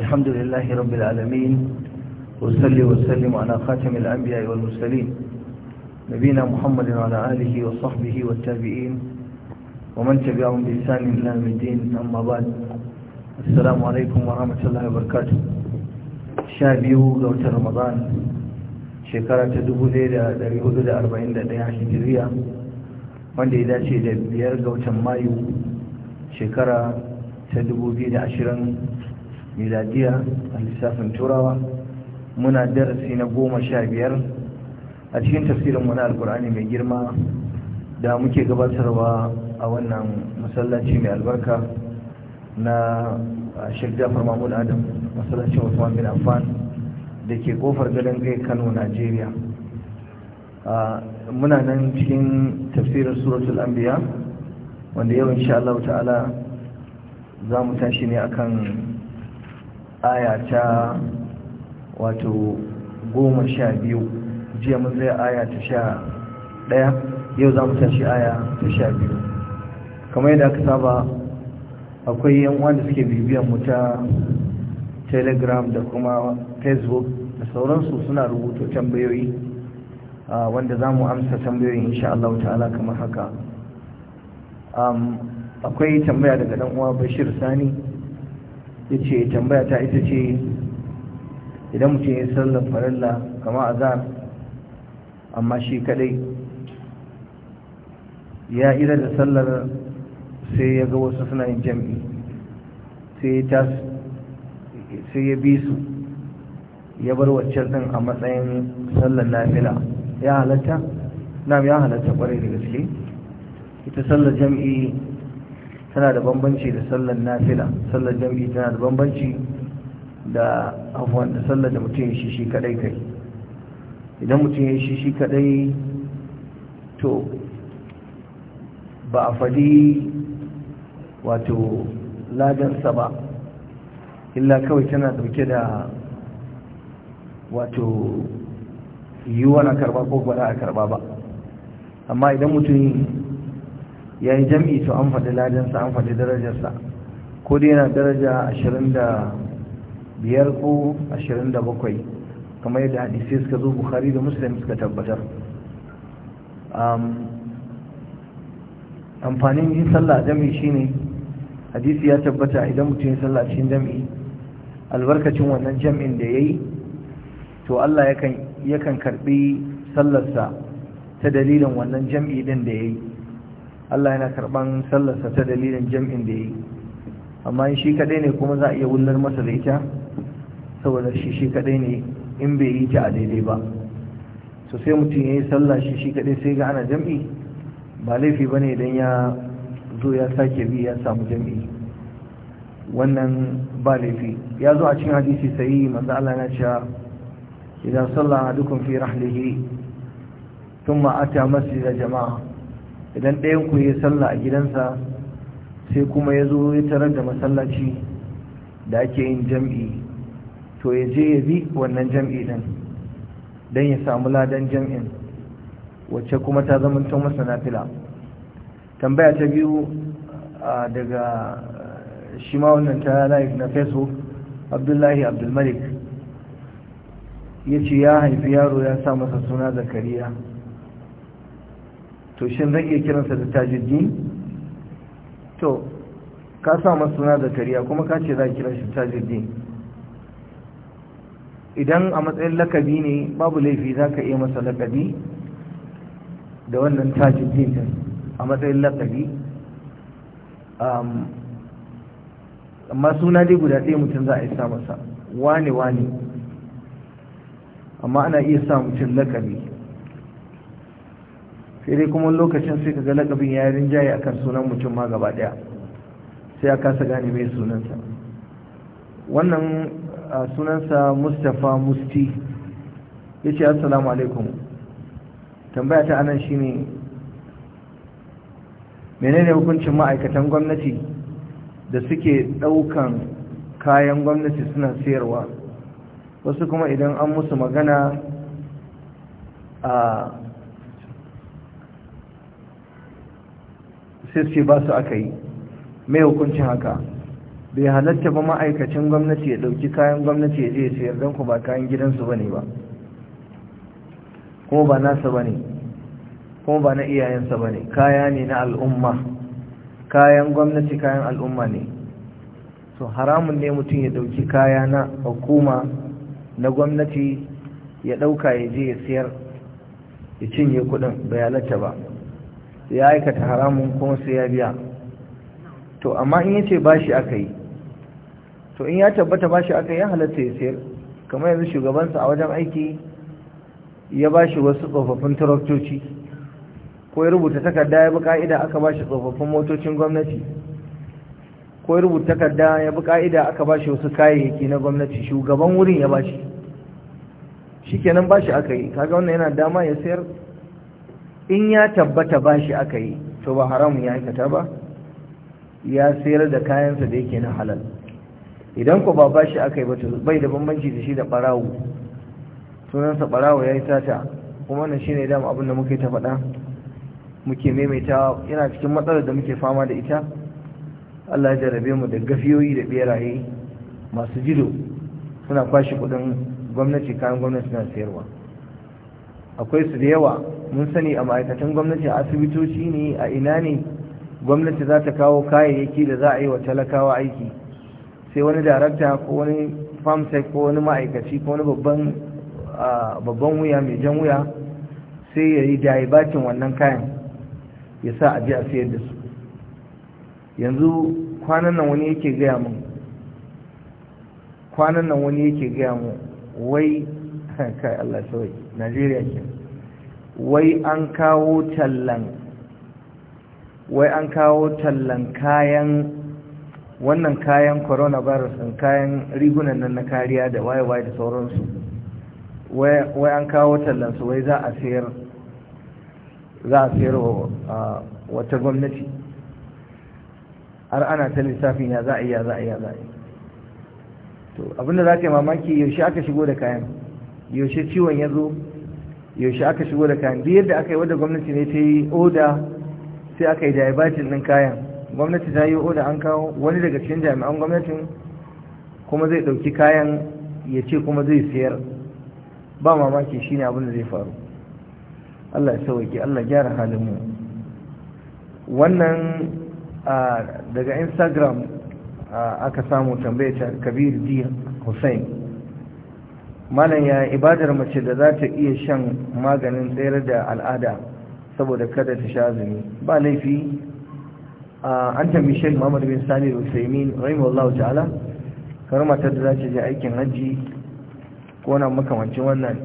الحمد لله رب العالمين وصلي وسلم على خاتم الأنبياء والمرسلين نبينا محمد وعلى آله وصحبه والتابعين ومن تبعهم بإحسان إلى يوم الدين أما بعد السلام عليكم ورحمة الله وبركاته شابيو قوت رمضان شكرا تدبو ليلة داري هدود أربعين دقيقة هجرية wanda ya dace da biyar ga watan mayu shekara ta 2020 miladiya a lissafin turawa muna darasi na goma sha biyar a cikin tafsirin mu na alkur'ani mai girma da muke gabatarwa a wannan masallaci mai albarka na shirk jafar mahmud adam masallacin usman bin affan da ke kofar gadon gai kano najeriya muna nan cikin tafsirin suratul anbiya wanda yau insha Allah ta'ala za mu tashi ne akan aya ta wato goma sha biyu jiya mun zai aya ta sha ɗaya yau za mu tashi aya ta sha biyu kamar yadda aka saba akwai yan wanda suke bibiyan mu ta telegram da kuma facebook da sauransu suna rubuto tambayoyi wanda za mu amsa tambayoyin insha Allah ta'ala kamar haka akwai tambaya daga ɗan uwa bashir sani ya ce tambaya ta ita ce idan mutum ya sallar farilla kama azar amma shi kadai ya ira da sallar sai ya ga wasu suna yin jam'i sai ya bi su ya bar waccan din a matsayin sallar nafila ya halatta na ya halatta kwarai da gaske ita sallar jami'i tana da bambanci da sallar nafila sallar jam'i tana da bambanci da afuwan da sallar da mutum ya shi shi kadai kai idan mutum ya shi shi kadai to ba a fadi wato ladansa ba illa kawai tana dauke da wato yiwuwa na karba ko gwada a karba ba amma idan mutum ya yi jami'i to an faɗi ladinsa an faɗi darajarsa ko dai yana daraja 25 ko 27 kamar yadda hadisai suka zo bukhari da musulmi suka tabbatar amfanin yin sallah jam'i shine hadisi ya tabbata idan mutum ya sallah cikin jami'i albarkacin wannan jami'in da ya yi to Allah yakan karbi sallarsa ta dalilin wannan jami'i din da ya yi. Allah yana karban sallarsa ta dalilin jam'in da yi. amma in shi kadai ne kuma za a iya wullar masa da ita saboda shi shi kadai ne in bai yi ta a daidai ba so sai mutum yi sallah shi shi kadai sai ga ana jam'i ba laifi bane idan ya zo ya sake bi ya samu jam'i wannan ba laifi ya zo a cikin hadisi sai manzo Allah na cewa idan sallah dukun fi rahlihi ثم أتى مسجد jama'a. idan ɗayan ku yi sallah a gidansa sai kuma ya zo ya tarar da masallaci da ake yin jam'i to ya je ya bi wannan jam'i ɗin don ya samu ladan jam'in wacce kuma ta zamantar masa nafila tambaya ta biyu daga shi ma wannan ta laif na feso abdullahi abdulmalik ya ce ya haifi yaro ya sa masa suna zakariya to shin zan iya kiransa da tajuddin to ka sa masa suna kariya kuma ka ce za a kiran shi idan a matsayin lakabi ne babu laifi za ka iya masa lakabi da wannan tajuddin din a matsayin lakabi amma suna dai guda ɗaya mutum za a yi sa masa wane wane amma ana iya sa mutum lakabi sai dai kuma lokacin sai kaga lakabin ya rinjaye akan sunan mutum ma gaba daya sai a kasa gane mai sunansa wannan sunansa Mustapha Musti yace assalamu alaikum tambaya ta anan shine menene hukuncin ma'aikatan gwamnati da suke daukan kayan gwamnati suna sayarwa wasu kuma idan an musu magana a sai su ce ba su aka yi mai hukuncin haka bai halatta ba ma'aikacin gwamnati ya ɗauki kayan gwamnati ya je sayar don ku ba kayan gidansu ba ne ba kuma ba nasa ba ne kuma ba na iyayensa ba ne kaya ne na al'umma kayan gwamnati kayan al'umma ne so haramun ne mutum ya ɗauki kaya na hukuma na gwamnati ya ɗauka ya je ya sayar ya cinye kuɗin bai halatta ba sai ya aikata haramun kuma sai ya biya to amma in yace bashi aka yi to in ya tabbata bashi aka ya halatta ya sayar kamar yanzu shugabansa a wajen aiki ya bashi wasu tsofaffin taraktoci ko ya rubuta takarda ya bi ka'ida aka bashi tsofaffin motocin gwamnati ko ya rubuta takarda ya bi ka'ida aka bashi wasu kayayyaki na gwamnati shugaban wurin ya bashi shikenan bashi aka yi kaga wannan yana dama ya sayar in ya tabbata ba shi aka yi to ba haramun ya aikata ba ya sayar da kayansa da yake na halal idan ku ba bashi aka yi ba to bai da bambanci da shi da barawo sunansa barawo ya yi sata kuma nan ne dama abin da muke ta faɗa muke maimaita yana cikin matsalar da muke fama da ita Allah ya jarabe mu da gafiyoyi da ɓeraye. masu jido suna kwashe kudin gwamnati kayan gwamnati na sayarwa akwai su da yawa mun sani a ma'aikatan gwamnati a asibitoci ne a ina ne gwamnati za ta kawo kayayyaki da za a yi wa talakawa aiki sai wani darakta ko wani famsec ko wani ma'aikaci ko wani babban wuya mai jan wuya sai ya yi bakin wannan kayan ya sa a ji a sayar da su yanzu kwanan nan wani yake gaya mu kwanan nan wani yake gaya mu wai kai Allah sauki najeriya ke wai an kawo tallan wai an kawo tallan kayan wannan kayan coronavirus ɗin kayan rigunan nan na kariya da waye-waye da sauransu wai an kawo tallan su. wai za a sayar za a sayar wata gwamnati har ana ta lissafin ya za a iya za a iya za a to abinda za ta yi mamaki yaushe aka shigo da kayan yaushe ciwon ya zo yaushe aka shigo da kayan duk da aka yi wadda gwamnati ne ta yi oda sai aka yi daibatin ɗin kayan gwamnati ta yi oda an kawo wani daga cikin jami'an gwamnatin kuma zai ɗauki kayan ya ce kuma zai sayar ba mamaki shi ne abin da zai faru Allah ya sauwake Allah gyara halin mu wannan daga instagram aka samu tambayar kabir d hussein malam ya ibadar mace da za ta iya shan maganin tsayar da al'ada saboda kada ta sha zumi ba laifi an tambi shek muhammad bin sani rusaimin allahu ta'ala kamar mata da za ta je aikin hajji ko na makamancin wannan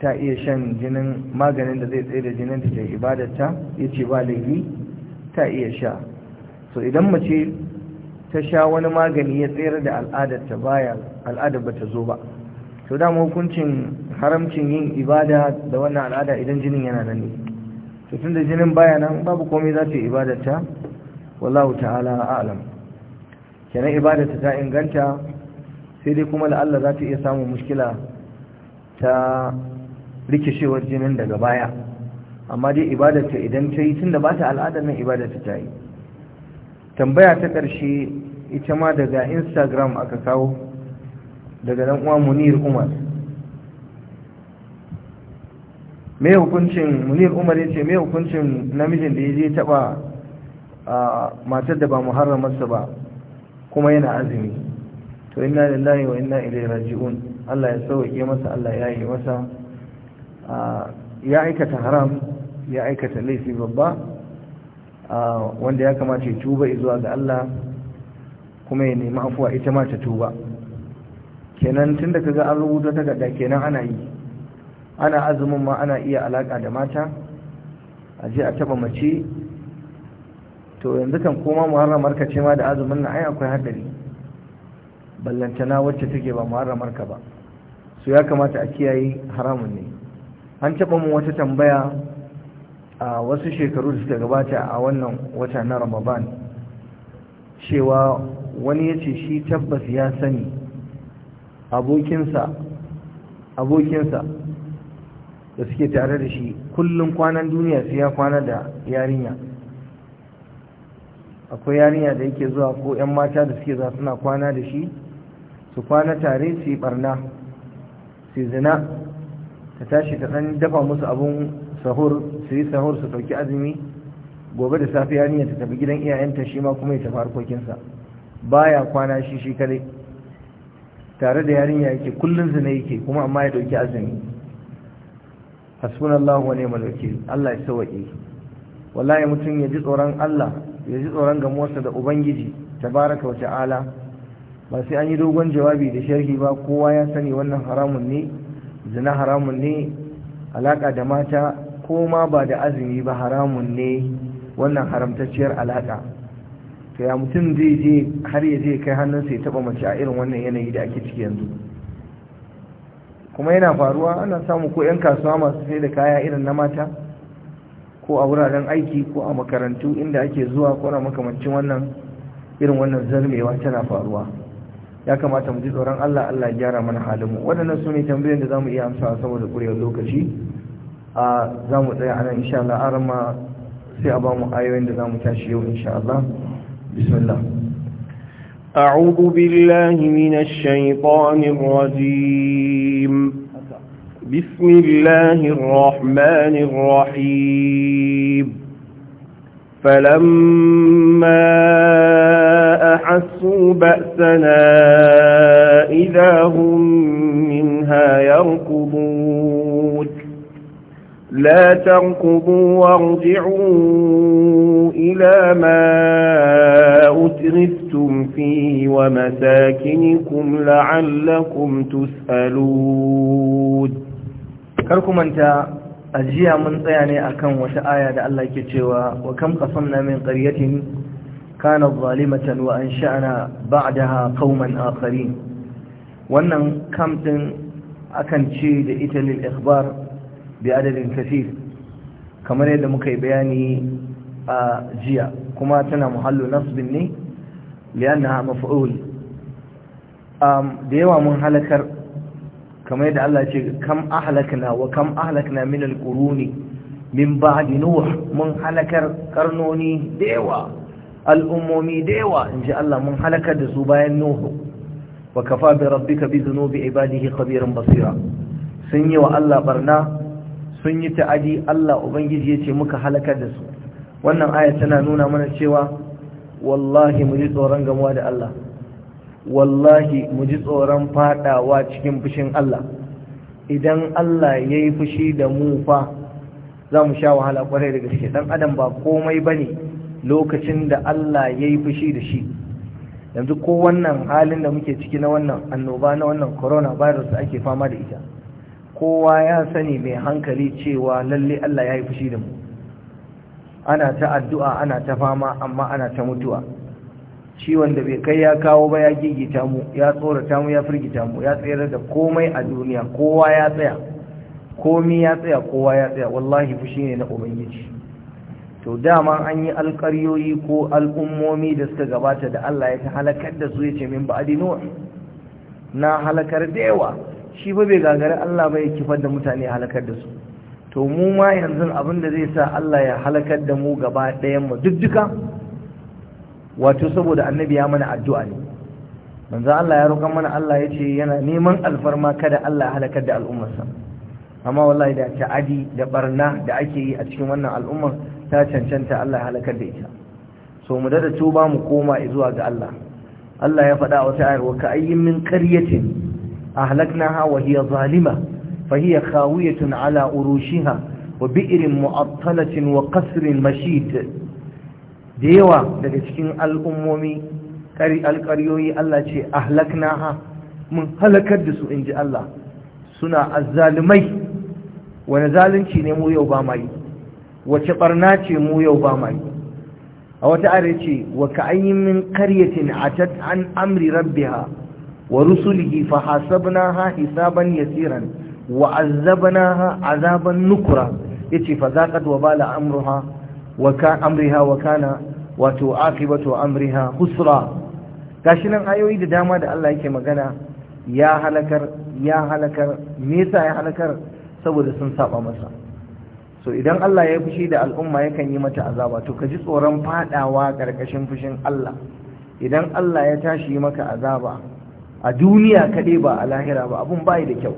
ta iya shan jinin maganin da zai tsaye da jinin da ke ibadarta ya ce ba laifi ta iya sha so idan mace ta sha wani magani ya tsayar da al'adarta baya al'adar ba ta zo ba to dama hukuncin haramcin yin ibada da wannan al'ada idan jinin yana nan ne to tun da jinin baya nan babu komai za ta yi ibadarta wallahu ta'ala a'lam kenan ibadarta ta inganta sai dai kuma la'alla za ta iya samun mushkila ta rikishewar jinin daga baya amma dai ibadarta idan ta yi tunda ba ta al'adar nan ibadarta ta yi tambaya ta ƙarshe ita ma daga instagram aka kawo daga dan uwa munir umar mai hukuncin munir umar ce mai hukuncin namijin da ya je taba matar da ba muharramarsa ba kuma yana azumi to inna lillahi wa inna ilaihi raji'un Allah ya sauke masa Allah ya yi masa ya aikata haram ya aikata laifi babba wanda ya kamata ya tuba izuwa ga Allah kuma ya nemi afuwa ita ma ta tuba kenan tun da kaga an rubuta takarda kenan ana yi ana azumin ma ana iya alaka da mata a je a taba mace to yanzu kan koma muharramar ka ce ma da azumin na ai akwai haddari ballantana wacce take ba muharramar ka ba Su ya kamata a kiyaye haramun ne an taba mu wata tambaya a wasu shekaru da suka gabata a wannan wata na ramadan cewa wani ya ce shi tabbas ya sani abokinsa abokinsa da suke tare da shi kullum kwanan duniya sai ya kwana da yarinya akwai yarinya da yake zuwa ko 'yan mata da suke za suna kwana da shi su kwana tare su yi barna su zina ta tashi ta ɗan dafa musu abun sahur su yi sahur su ɗauki azumi gobe da safe yarinya ta tafi gidan iyayenta shi ma kuma ya tafi harkokinsa baya kwana shi shi kadai tare da yarinya yake kullun zina yake kuma amma ya dauki azumi hasbunallahu wa ni'mal wakeel Allah ya sauke wallahi mutum ya ji tsoron Allah ya ji tsoron gamuwarsa da ubangiji tabaraka wa ta'ala ba sai an yi dogon jawabi da sharhi ba kowa ya sani wannan haramun ne zina haramun ne alaka da mata ko ba da azumi ba haramun ne wannan haramtacciyar alaka to ya mutum zai je har ya je kai hannunsa ya taba mace a irin wannan yanayi da ake ciki yanzu kuma yana faruwa ana samu ko 'yan kasuwa masu sai da kaya irin na mata ko a wuraren aiki ko a makarantu inda ake zuwa ko na makamancin wannan irin wannan zarmewa tana faruwa ya kamata mu ji tsoron Allah Allah gyara mana halin mu waɗannan su ne tambayoyin da za mu iya amsawa saboda ƙuriyar lokaci a za mu tsaya a nan insha Allah arama sai a ba mu ayoyin da zamu tashi yau insha Allah بسم الله أعوذ بالله من الشيطان الرجيم بسم الله الرحمن الرحيم فلما أحسوا بأسنا إذا هم منها يركضون لا تركضوا وارجعوا إلى ما أترفتم فيه ومساكنكم لعلكم تسألون كركم أنت أجيع من طياني أكم وشآية الله كتوى وكم قصمنا من قرية كانت ظالمة وأنشأنا بعدها قوما آخرين وأن كمت أكن شيء لإتل الإخبار bi adadin kasir kamar yadda muka yi bayani a jiya kuma tana muhallu nasbin ne liyannaha maf'ul da yawa mun halakar kamar yadda Allah ce kam ahlakna wa kam ahlakna min alquruni min ba'di mun halakar karnoni da yawa al'ummomi da yawa inji Allah mun halakar da su bayan nuhu rabbi kafa bi rabbika bi dhunubi ibadihi khabiran basira sun yi wa Allah barna sun yi ta'adi Allah ubangiji ya ce muka halakar da su wannan aya tana nuna mana cewa wallahi mu ji tsoron gamuwa da Allah wallahi mu ji tsoron fadawa cikin fushin Allah idan Allah ya yi fushi da mu fa za mu sha wahala kwarai da gaske dan adam ba komai bane lokacin da Allah ya yi fushi da shi yanzu ko wannan halin da muke ciki na wannan annoba na wannan corona virus ake fama da ita kowa ya sani mai hankali cewa lalle Allah ya yi fushi da mu ana ta addu'a ana ta fama amma ana ta mutuwa ciwon da bai kai ya kawo ba ya gigita mu ya tsorata mu ya firgita mu ya tsayar da komai a duniya kowa ya tsaya komi ya tsaya kowa ya tsaya wallahi fushi ne na ubangiji to dama an yi alƙaryoyi ko al'ummomi da suka gabata da Allah ya ta halakar da su ya ce min ba na halakar da yawa shi ba bai gagari Allah bai kifar da mutane ya halakar da su to mu ma yanzu abin da zai sa Allah ya halakar da mu gaba ɗayan mu duk duka wato saboda annabi ya mana addu'a ne manzo Allah ya roƙa mana Allah ya ce yana neman alfarma kada Allah ya halakar da al'ummarsa amma wallahi da ta'adi da barna da ake yi a cikin wannan al'ummar ta cancanta Allah ya halakar da ita so mu da tuba mu koma zuwa ga Allah Allah ya faɗa wata ayar wa ka ayyin min qaryatin أهلكناها وهي ظالمة فهي خاوية على أروشها وبئر معطلة وقصر مشيد ديوا daga cikin al'ummomi kari alƙaryoyi Allah ce ahlaknaha mun halakar da su inji Allah suna azzalumai wani zalunci ne mu yau ba mai wace barna ce mu yau ba mai a wata are ce wa ka'ayyin min qaryatin atat an amri rabbiha wa rusulihi fa hasabnaha hisaban yasiran wa azabnaha azaban nukra yace fa zaqat wa bala amriha wa kana wato aqibatu amriha khusra gashi ayoyi da dama da Allah yake magana ya halakar ya halakar me yasa ya halakar saboda sun saɓa masa so idan Allah ya fushi da al'umma yakan yi mata azaba to ka ji tsoron faɗawa ƙarƙashin fushin Allah idan Allah ya tashi maka azaba a duniya kaɗai ba a lahira ba abun bayi da kyau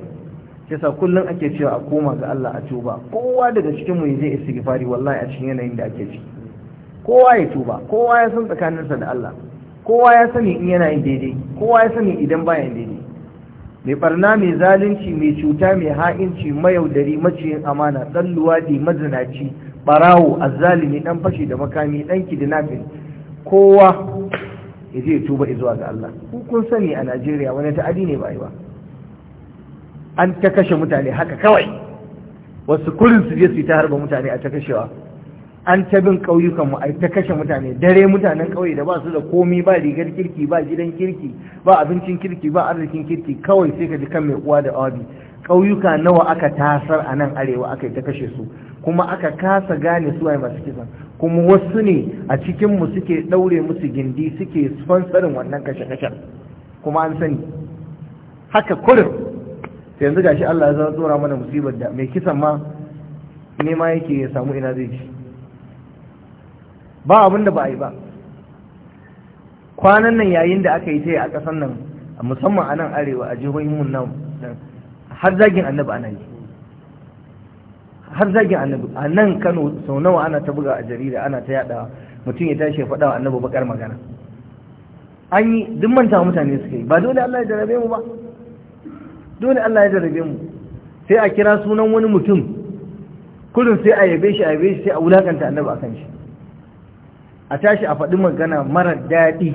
yasa kullum ake cewa a koma ga Allah a tuba kowa daga cikin mu zai istighfari wallahi a cikin yanayin da ake ciki kowa ya tuba kowa ya san tsakaninsa da Allah kowa ya sani in yana yin daidai kowa ya sani idan baya yin daidai mai barna mai zalunci mai cuta mai ha'inci mayaudari maciyin amana dan luwadi mazinaci barawo azzalimi dan fashi da makami dan kidnapping kowa ya je ya tuba zuwa ga Allah ku kun sani a Najeriya wani ta'adi ne ba ba an ta kashe mutane haka kawai wasu kurin su je su ta harba mutane a ta kashewa an ta bin ƙauyukan mu a ta kashe mutane dare mutanen ƙauye da ba su da komi ba rigar kirki ba gidan kirki ba abincin kirki ba arzikin kirki kawai sai ka ji kan mai uwa da abi ƙauyuka nawa aka tasar a nan arewa aka yi ta kashe su kuma aka kasa gane su masu kisan kuma wasu ne a cikinmu suke ɗaure musu gindi suke sponsorin wannan kashe-kashen kuma an sani haka kurin sai yanzu gashi Allah ya zama tsora mana musibar da mai kisan ma nema yake ya samu ina zai ci ba abin da ba yi ba kwanan nan yayin da aka yi ta a ƙasan nan musamman a nan arewa a jihohin mun nan har zagin annabi ana yi har zagin annabi a nan kano sau nawa ana ta buga a jarida ana ta yada mutum ya tashi ya faɗa wa annabi bakar magana an yi duk manta mutane suka yi ba dole Allah ya jarabe mu ba dole Allah ya jarabe mu sai a kira sunan wani mutum kullum sai a yabe shi a yabe shi sai a wulakanta annabi a kan shi a tashi a faɗi magana mara daɗi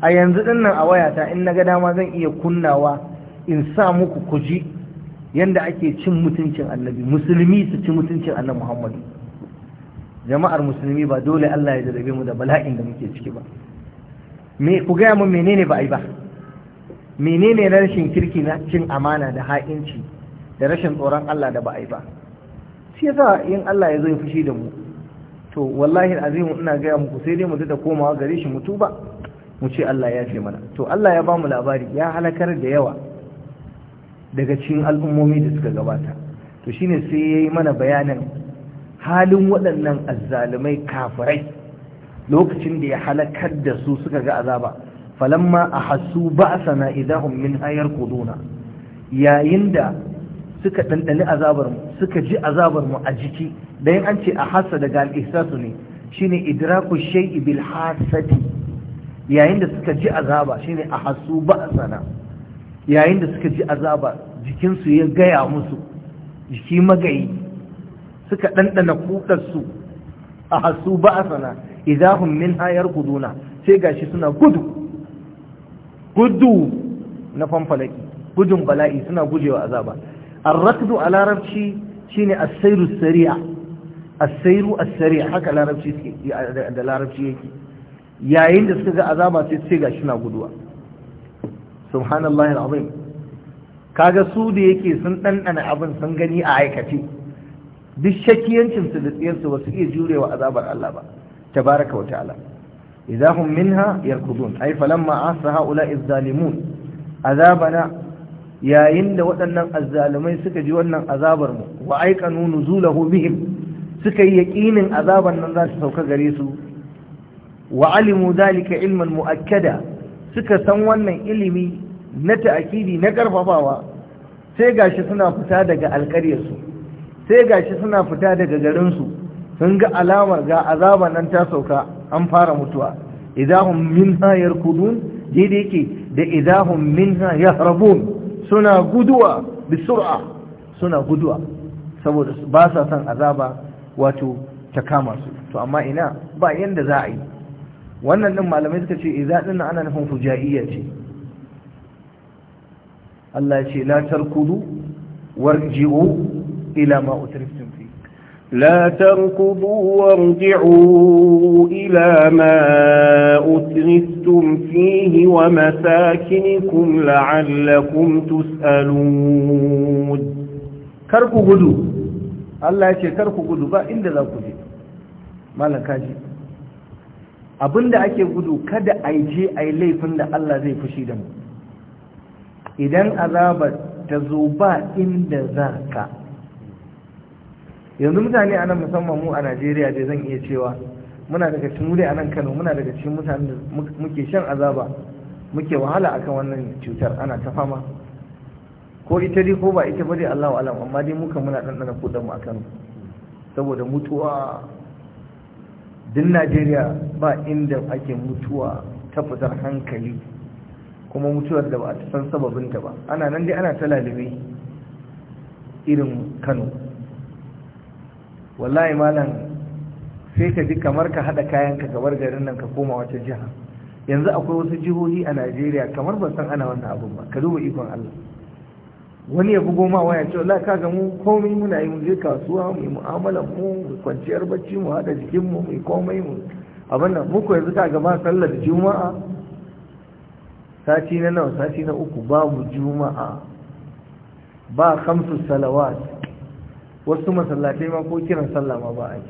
a yanzu ɗin nan a wayata in na ga dama zan iya kunnawa in sa muku kuji yanda ake cin mutuncin annabi musulmi su ci mutuncin annabi muhammadu jama'ar musulmi ba dole Allah ya jarabe mu da bala'in da muke ciki ba me ku gaya mun menene ba ai ba menene na rashin kirki na cin amana da ha'inci da rashin tsoron Allah da ba ai ba shi yasa in Allah ya zo ya fushi da mu to wallahi azimu ina gaya muku sai dai mu da komawa gare shi mutu ba mu ce Allah ya ce mana to Allah ya ba mu labari ya halakar da yawa daga cikin al'ummomi da suka gabata to shine sai ya yi mana bayanin halin waɗannan azzalumai kafirai lokacin da ya halakar da su suka ga azaba falamma a hasu ba sana idahun min hayar kuduna yayin da suka ɗanɗani azabarmu suka ji azabarmu a jiki ɗayan an ce a hasa daga al'isasu ne shine idraku shay'i bil hasati yayin da suka ji azaba shine a hasu ba sana yayin da suka ji azaba jikinsu ya gaya musu jiki magayi suka ɗanɗana kukarsu a hasu ba a sana idahun min hayar guduna sai gashi suna gudu gudu na fanfalaki gudun bala'i suna gujewa azaba rakdu a larabci shine asairu sari'a asairu sariya haka larabci da larabci yake yayin da suka ga azaba sai gashi na guduwa subhanallahi alazim kaga su da yake sun ɗanɗana abin sun gani a aikace duk shakiyancin su da tsiyarsu ba su iya jurewa azabar Allah ba tabaraka wa ta'ala idza hum minha yarkudun ay falamma asa haula izzalimun azabana yayin da waɗannan azzalumai suka ji wannan azabar mu wa aikanu nuzulahu bihim suka yi yaqinin azaban nan za su sauka gare su wa alimu zalika ilman muakkada suka san wannan ilimi na ta'akidi na karfafawa sai gashi suna fita daga alkaryarsu sai gashi suna fita daga garinsu sun ga alamar ga azaba nan ta sauka an fara mutuwa idahum minha yarkudun daidai ke da idahum minha yahrabun suna guduwa bisur'a suna guduwa saboda ba sa son azaba wato ta kama su to amma ina ba yanda za a yi wannan nan malamai suka ce iza ɗin ana nufin fujaiya ce Allah ce la tarkudu warji'u ila ma utriftum fi la tarkudu warji'u ila ma utriftum fihi wa masakinikum la'allakum tus'alun kar gudu Allah ce kar gudu ba inda za ku je malaka Abin da ake gudu kada a yi je a yi laifin da Allah zai fushi da mu idan azaba ta zo ba inda za ka yanzu mutane a nan musamman mu a najeriya dai zan iya cewa muna daga cikin wuri a nan kano muna daga cikin mutane da muke shan azaba muke wahala akan wannan cutar ana ta fama ko ita dai ko ba ita ba dai allahu alam amma dai muka muna ɗanɗana kuɗin mu a kano saboda mutuwa din najeriya ba inda ake mutuwa ta fitar hankali kuma mutuwar da ba a san sababinta ba ana nan dai ana ta irin kano wallahi malam sai ka ji kamar ka haɗa kayan ka gabar garin nan ka koma wata jiha yanzu akwai wasu jihohi a najeriya kamar ba san ana wannan abin ba ka duba ikon allah wani ya bugo ma waya cewa laka ga mu komai muna yi mu je kasuwa mu yi mu'amala mu mu kwanciyar bacci mu hada jikin mu mu komai mu abin nan muku yanzu ta gaba sallar juma'a sati na nawa sati na uku babu juma'a ba kamsu salawat wasu masallatai ma ko kiran sallah ma ba a yi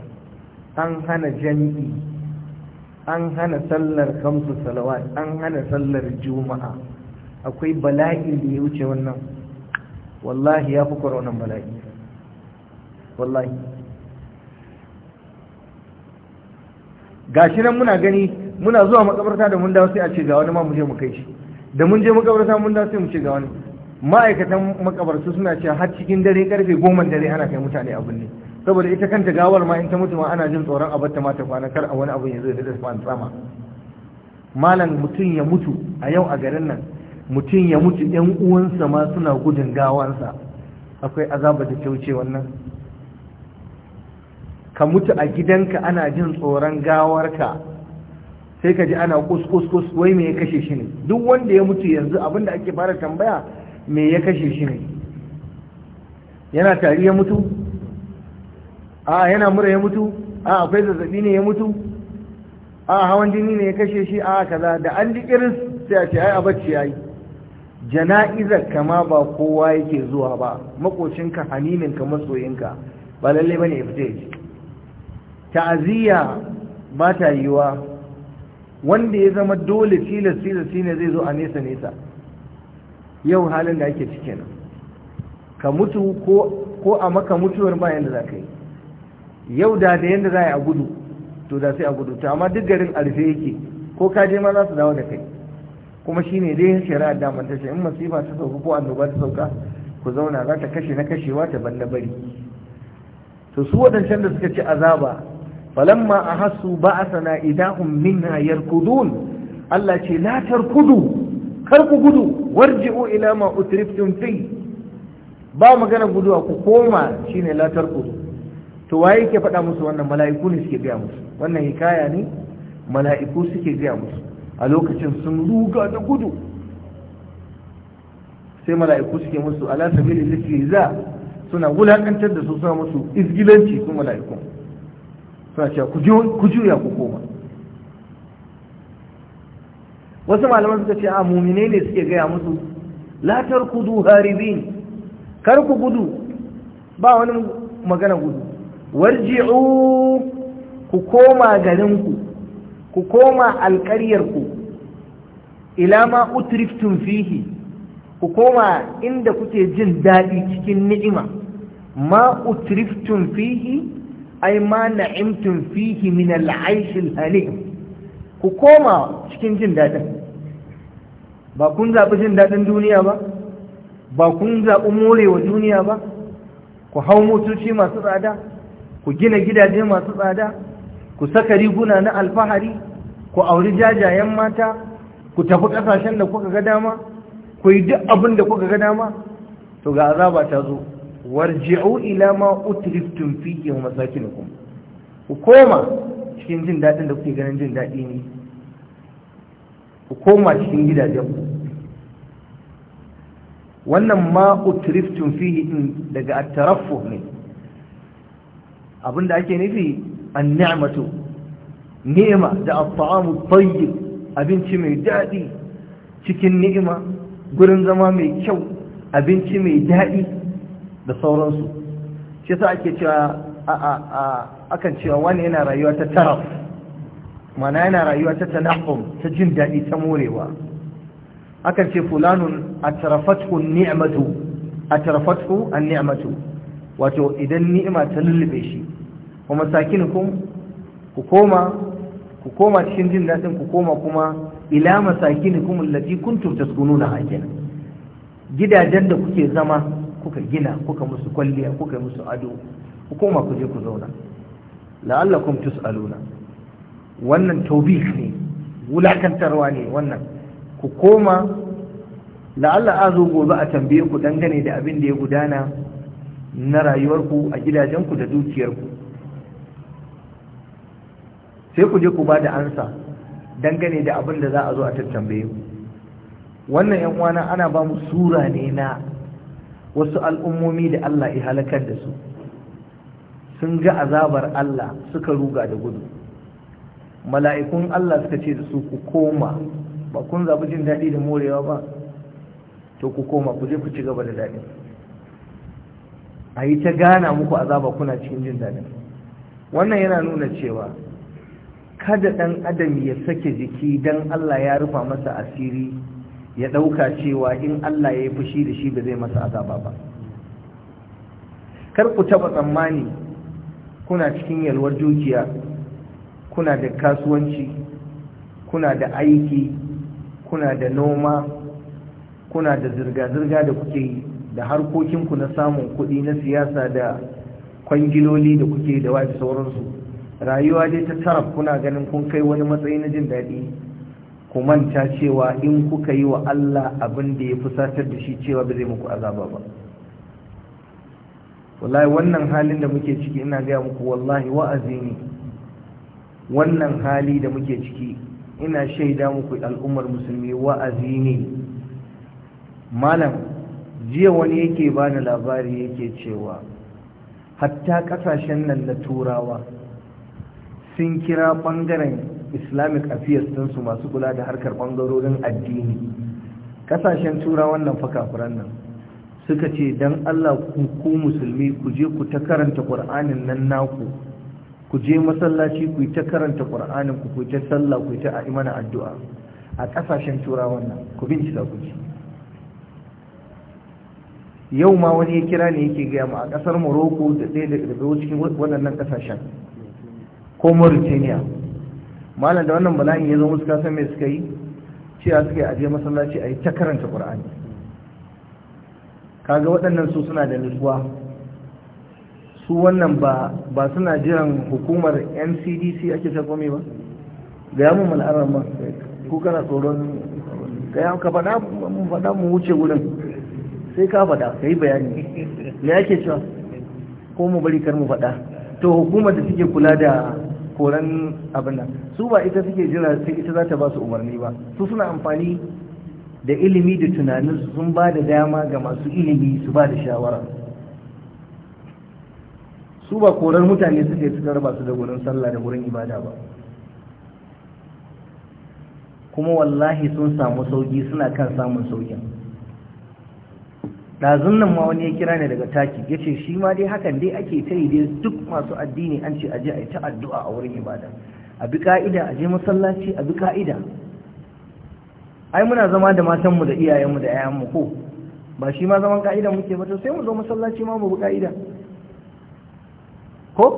an hana jami'i an hana sallar kamsu salawat an hana sallar juma'a akwai bala'in da ya wuce wannan wallahi ya fi koronan bala'i wallahi Ga shi nan muna gani muna zuwa makabarta da mun dawo sai a ce ga wani ma mu je mu kai shi da mun je makabarta mun dawo sai mu ce ga wani ma'aikatan makabartu suna cewa har cikin dare karfe goma dare ana kai mutane abin ne saboda ita kanta gawar ma in ta mutu ma ana jin tsoron abar ta mata kwana kar a wani abu ya zo ya dada tsama malam mutum ya mutu a yau a garin nan mutum ya mutu ɗan uwansa ma suna gudun gawansa akwai azaba da kyauce wannan ka mutu a gidanka ana jin tsoron gawarka sai ka ji ana kus wai me ya kashe shi ne duk wanda ya mutu yanzu abinda ake fara tambaya me ya kashe shi ne yana tari ya mutu a yana mura ya mutu a akwai zazzabi ne ya mutu a hawan jini ne ya kashe shi a kaza da an ji irin sai a ce ai a bacci yayi jana'izar kama ba kowa yake zuwa ba makocinka haniminka, masoyinka ba lalle bane ya fita yaji ta'aziyya ba ta yiwa wanda ya zama dole tilas tilas ne zai zo a nesa nesa yau halin da ake ciki nan ka mutu ko ko a maka mutuwar ba yanda za ka yi yau da da yanda za a gudu to da sai a gudu to amma duk garin arfe yake ko ka je ma za su dawo da kai kuma shine dai shari'ar damar ta in masifa ta sauka ko annoba ta sauka ku zauna za ta kashe na kashewa ta ban na bari to su waɗancan da suka ci azaba falamma ahassu sana idahum minna yarkudun Allah ce latar kudu kar ku gudu warji'u ila ma utriftum fi ba magana guduwa ku koma shine latar kudu, to waye ke faɗa musu wannan mala'iku ne suke gaya musu wannan hikaya ne mala'iku suke gaya musu a lokacin sun ruga da gudu sai mala'iku suke musu ala sabili za, suna wulakantar da su suna musu izgilanci kuma mala'iku suna cewa ku juya ku koma wasu malaman suka ce a mumine ne suke gaya musu latar kudu haribin kar ku gudu ba wani magana gudu warji'u ku koma garinku ku koma alƙaryarku ila ma utriftum fihi ku koma inda kuke jin daɗi cikin ni'ima ma utriftum fihi ai ma na'imtum fihi min al'aish al-halim ku koma cikin jin daɗin ba kun zaɓi jin daɗin duniya ba ba kun zaɓi morewa duniya ba ku hau motoci masu tsada ku gina gidaje masu tsada ku saka riguna na alfahari ku auri jajayen mata ku tafi kasashen da kuka ga dama ku yi duk abin da kuka ga dama to ga azaba ta zo warji'u ila ma utriftum fihi wa masakinukum ku koma cikin jin daɗin da kuke ganin jin daɗi ne ku koma cikin gidajen ku wannan ma utriftum fihi daga at-tarafuh ne abinda ake nufi annamatu ni'ima da at abinci mai daɗi cikin ni'ima gurin zama mai kyau abinci mai daɗi da sauransu shi yasa ake cewa a a a yana rayuwa ta taraf mana yana rayuwa ta tanahum ta jin daɗi ta morewa akan ce fulanun atrafatu ni'matu atrafatu an-ni'matu wato idan ni'ima ta lullube shi wa masakinukum ku koma ku koma cikin jin daɗin ku koma kuma ila masakinikum allati kuntum taskununa hakin gidajen da kuke zama kuka gina kuka musu kwalliya kuka musu ado ku koma ku je ku zauna la'allakum tus'aluna wannan tawbih ne wulakantarwa ne wannan ku koma la'alla azu gobe a tambaye ku dangane da abin da ya gudana na rayuwarku a gidajenku da dukiyarku sai ku je ku ba da ansa dangane da abin da za a zo a tattambaye wannan yan uwana ana ba mu sura ne na wasu al'ummomi da Allah ya halakar da su sun ga azabar Allah suka ruga da gudu mala'ikun Allah suka ce da su ku koma ba kun zaɓi jin daɗi da morewa ba to ku koma ku je ku ci gaba da daɗi a yi ta gana muku azaba kuna cikin jin daɗi wannan yana nuna cewa kada ɗan adam ya sake jiki don Allah ya rufa masa asiri ya ɗauka cewa in Allah ya yi fushi da shi ba zai masa azaba ba kar ku taɓa tsammani kuna cikin yalwar dukiya kuna da kasuwanci kuna da aiki kuna da noma kuna da zirga-zirga da kuke yi da harkokinku na samun kuɗi na siyasa da kwangiloli da kuke da wafi sauransu rayuwa dai ta taraf kuna ganin kun kai wani matsayi na jin daɗi ku manta cewa in kuka yi wa Allah abin da ya satar da shi cewa ba zai muku azaba ba wallahi wannan halin da muke ciki ina gaya muku wallahi wa'azi ne wannan hali da muke ciki ina shaida muku al'ummar musulmi wa'azi ne malam jiya wani yake bani labari yake cewa hatta kasashen nan na turawa sun kira ɓangaren islamic affairs su masu kula da harkar ɓangarorin addini Ƙasashen tura wannan fakafuran nan suka ce don allah ku musulmi ku je ku ta karanta ƙur'anin nan naku ku je masallaci ku ta karanta ƙur'anin ku ku ta sallah ku ta imana addu'a a ƙasashen tura wannan ku bincika ku ji yau ma wani ya kira ne yake gaya ma a ƙasar morocco da ɗaya daga cikin waɗannan ƙasashen ko mauritania malam da wannan bala'in ya zo musu kasan mai suka yi a suka yi ajiye masallaci a yi ta karanta ƙur'ani kaga waɗannan su suna da nutsuwa su wannan ba suna jiran hukumar ncdc ake ta kome ba ga yamun mal'arar ma ko kana tsoron ga yamun ka faɗa mu wuce wurin sai ka faɗa ka yi bayani me ake cewa ko mu bari kar mu faɗa to hukumar da suke kula da koran abin nan su ba ita suke jira sai ita za ta ba su umarni ba su suna amfani da ilimi da tunanin sun ba da dama ga masu ilimi su ba da shawara su ba korar mutane suke suka raba su da gurin sallah da gurin ibada ba kuma wallahi sun samu sauki suna kan samun saukin ɗazun nan ma wani ya kira ne daga taki ya ce shi ma dai hakan dai ake ta yi dai duk masu addini an ce aje a yi ta addu'a a wurin ibada a bi ka'ida a je masallaci a bi ka'ida ai muna zama da matanmu da iyayenmu da 'ya'yanmu ko ba shi ma zaman ka'ida muke ba to sai mu zo masallaci ma mu bi ka'ida ko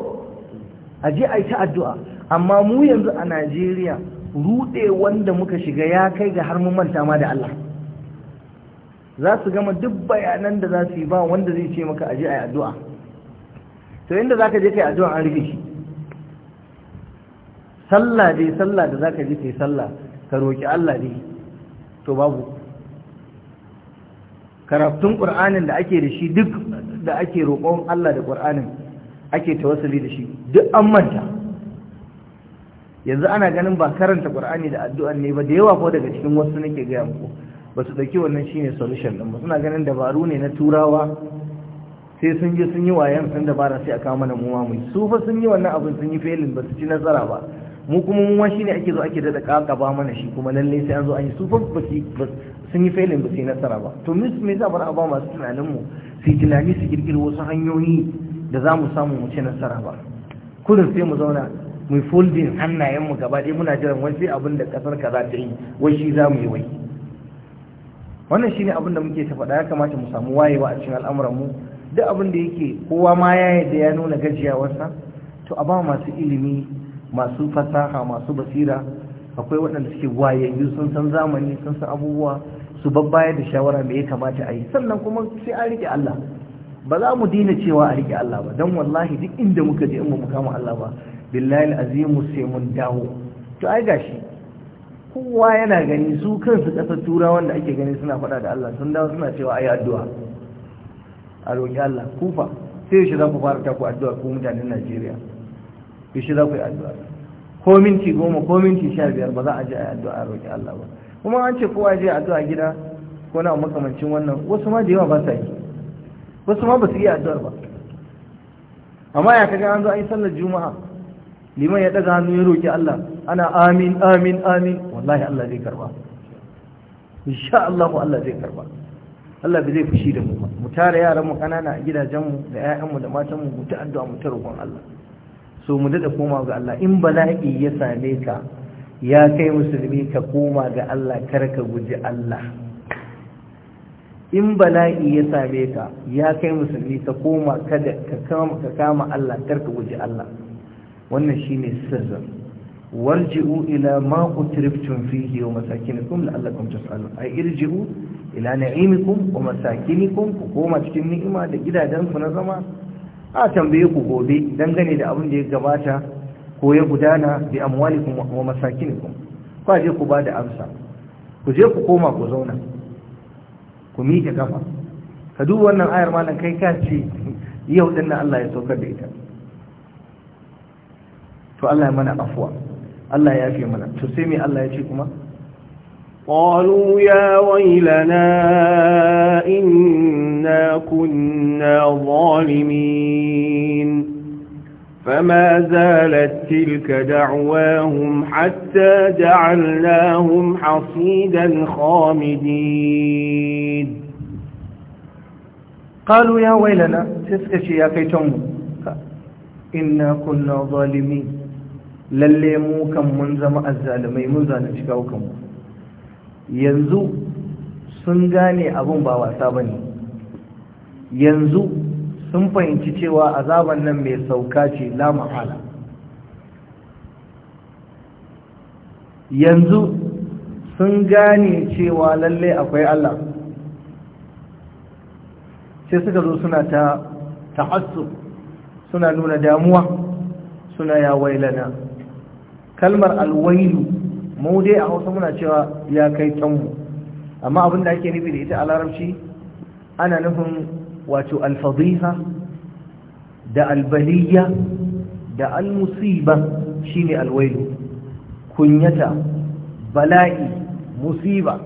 a je a yi ta addu'a amma mu yanzu a najeriya ruɗe wanda muka shiga ya kai ga har mu manta ma da allah za su gama duk bayanan da za su yi ba wanda zai ce maka aje a yi addu'a to inda za ka je kai addu'a an rufe shi sallah dai sallah da za ka je kai sallah ka roƙi Allah dai to babu karatun ƙur'anin da ake da shi duk da ake roƙon Allah da ƙur'anin ake tawassuli da shi duk an manta yanzu ana ganin ba karanta ƙur'ani da addu'an ne ba da yawa ko daga cikin wasu nake gaya yanku ba su ɗauki wannan shi ne solution ɗin ba suna ganin dabaru ne na turawa sai sun sun yi wayan sun dabara sai a kawo mana mu mai su fa sun yi wannan abin sun yi failing ba su ci nasara ba mu kuma mu shi ne ake zo ake daɗa ba mana shi kuma lalle sai an zo an yi su fa sun yi failing ba su yi nasara ba to me me za bar a ba masu tunanin mu su tunani su ƙirƙiri wasu hanyoyi da za mu samu mu ci nasara ba kudin sai mu zauna mu foldin hannayen mu gaba ɗaya muna jiran wani abin da kasar kaza ta yi wai shi za mu yi wai wannan shine abin da muke tafaɗa ya kamata mu samu wayewa a cikin al'amuran mu duk abin da yake kowa ma ya yadda ya nuna gajiyawarsa to a ba masu ilimi masu fasaha masu basira akwai waɗanda suke wayayyu sun san zamani sun san abubuwa su babbaya da shawara me ya kamata a yi sannan kuma sai a riƙe Allah ba za mu dina cewa a riƙe Allah ba don wallahi duk inda muka je in mu kama Allah ba billahi azimu sai mun dawo to ai gashi kowa yana gani su kansu ƙasar turawan da ake gani suna faɗa da Allah sun dawo suna cewa ayi addu'a a roƙi Allah kufa sai shi za ku fara ta ku addu'a ku mutanen Najeriya shi za ku yi addu'a ko minti goma ko minti sha biyar ba za a je a yi addu'a a roƙi Allah ba kuma an ce kowa je addu'a gida ko na makamancin wannan wasu ma da yawa ba sa yi wasu ma ba su yi addu'ar ba amma ya kaga an zo an yi sallar juma'a liman ya ɗaga hannu ya roƙi Allah ana amin amin amin wallahi Allah zai karba insha Allah Allah zai karba Allah zai fushi da mu mu tare yaran mu kanana a gidajen mu da ƴaƴan mu da matan mu mu ta addu'a mu ta roƙon Allah so mu dada koma ga Allah in bala'i ya same ka ya kai musulmi ka koma ga Allah kar ka guji Allah in bala'i ya same ka ya kai musulmi ka koma kada ka kama ka kama Allah kar ka guji Allah wannan shine sirrin warji'u ila ma utriftum fihi wa masakinikum la'allakum tas'alun ay irji'u ila na'imikum wa masakinikum ku koma cikin ni'ima da gidajen ku na zama a tambaye ku gobe dangane da abin da ya gabata ko ya gudana bi amwalikum wa masakinikum ku je ku bada amsa ku je ku koma ku zauna ku miƙe kafa ka duba wannan ayar malam kai ka ce yau dinnan Allah ya saukar da ita to Allah ya mana afuwa الله ya fi mana to sai me قالوا يا ويلنا إنا كنا ظالمين فما زالت تلك دعواهم حتى جعلناهم حصيدا خامدين قالوا يا ويلنا تسكشي يا كيتم إنا كنا ظالمين lalle mu kan mun zama azzalumai mun zalunci kawukanmu yanzu sun gane abin ba wasa ba ne yanzu sun fahimci cewa azaban nan mai sauka ce la mahala yanzu sun gane cewa lalle akwai Allah sai suka zo suna ta ta'assu suna nuna damuwa suna ya wailana kalmar alwailu mu dai a hausa muna cewa ya kai tsanmu amma abin da ake nufi da ita a larabci ana nufin wato alfadiha da albaliya da almusiba shine alwailu kunyata bala'i musiba